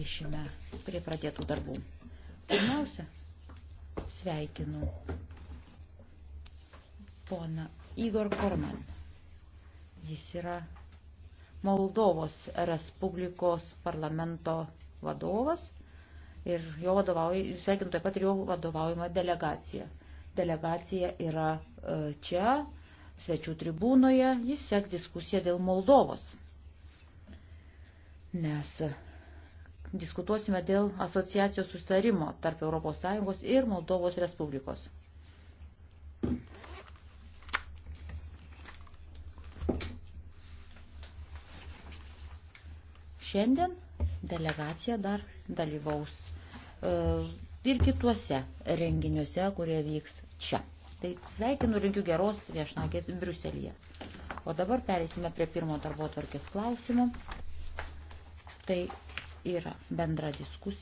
grįšime prie pradėtų darbų. Pirmiausia, sveikinu poną Igor Korman. Jis yra Moldovos Respublikos parlamento vadovas ir jo vadovauja, sveikinu taip pat ir jo vadovaujama delegacija. Delegacija yra e, čia, svečių tribūnoje, jis seks diskusiją dėl Moldovos. Nes diskutuosime dėl asociacijos sustarimo tarp ES ir Moldovos Respublikos. Šiandien delegacija dar dalyvaus e, ir kituose renginiuose, kurie vyks čia. Tai sveikinu, linkiu geros viešnagės Briuselėje. O dabar perėsime prie pirmo darbo tvarkės klausimų. Tai yra bendra diskusija.